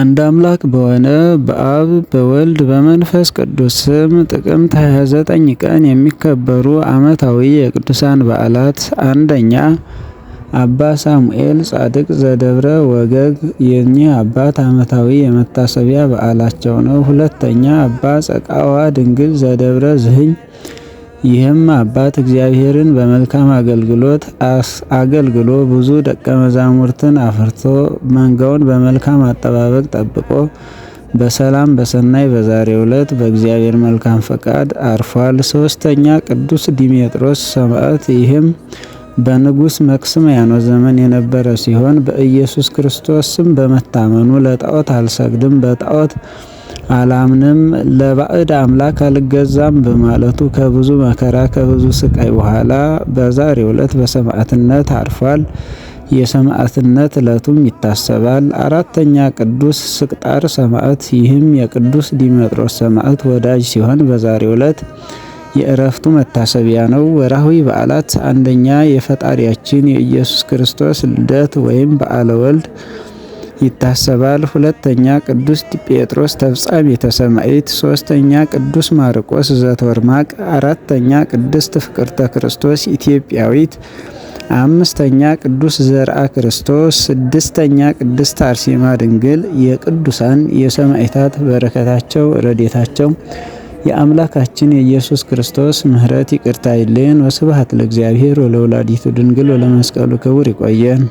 አንድ አምላክ በሆነ በአብ በወልድ በመንፈስ ቅዱስ ስም ጥቅምት 29 ቀን የሚከበሩ ዓመታዊ የቅዱሳን በዓላት፣ አንደኛ አባ ሳሙኤል ጻድቅ ዘደብረ ወገግ። የኚህ አባት ዓመታዊ የመታሰቢያ በዓላቸው ነው። ሁለተኛ አባ ጸቃዋ ድንግል ዘደብረ ዝህኝ ይህም አባት እግዚአብሔርን በመልካም አገልግሎት አገልግሎ ብዙ ደቀ መዛሙርትን አፍርቶ መንጋውን በመልካም አጠባበቅ ጠብቆ በሰላም በሰናይ በዛሬው ዕለት በእግዚአብሔር መልካም ፈቃድ አርፏል። ሶስተኛ ቅዱስ ዲሜጥሮስ ሰማዕት። ይህም በንጉሥ ያኖ ዘመን የነበረ ሲሆን በኢየሱስ ክርስቶስም በመታመኑ ለጣዖት አልሰግድም በጣዖት አላምንም ለባዕድ አምላክ አልገዛም በማለቱ ከብዙ መከራ ከብዙ ስቃይ በኋላ በዛሬው ዕለት በሰማዕትነት አርፏል። የሰማዕትነት ዕለቱም ይታሰባል። አራተኛ ቅዱስ ስቅጣር ሰማዕት፣ ይህም የቅዱስ ዲሜጥሮስ ሰማዕት ወዳጅ ሲሆን በዛሬው ዕለት የእረፍቱ መታሰቢያ ነው። ወርሃዊ በዓላት አንደኛ የፈጣሪያችን የኢየሱስ ክርስቶስ ልደት ወይም በዓለ ወልድ ይታሰባል። ሁለተኛ ቅዱስ ጴጥሮስ ተፍጻሜተ ሰማዕት፣ ሶስተኛ ቅዱስ ማርቆስ ዘቶርማቅ፣ አራተኛ ቅድስት ፍቅርተ ክርስቶስ ኢትዮጵያዊት፣ አምስተኛ ቅዱስ ዘርአ ክርስቶስ፣ ስድስተኛ ቅድስት አርሴማ ድንግል። የቅዱሳን የሰማዕታት በረከታቸው ረዴታቸው የአምላካችን የኢየሱስ ክርስቶስ ምሕረት ይቅርታ ይለየን። ወስብሐት ለእግዚአብሔር ወለወላዲቱ ድንግል ወለመስቀሉ ክቡር። ይቆየን።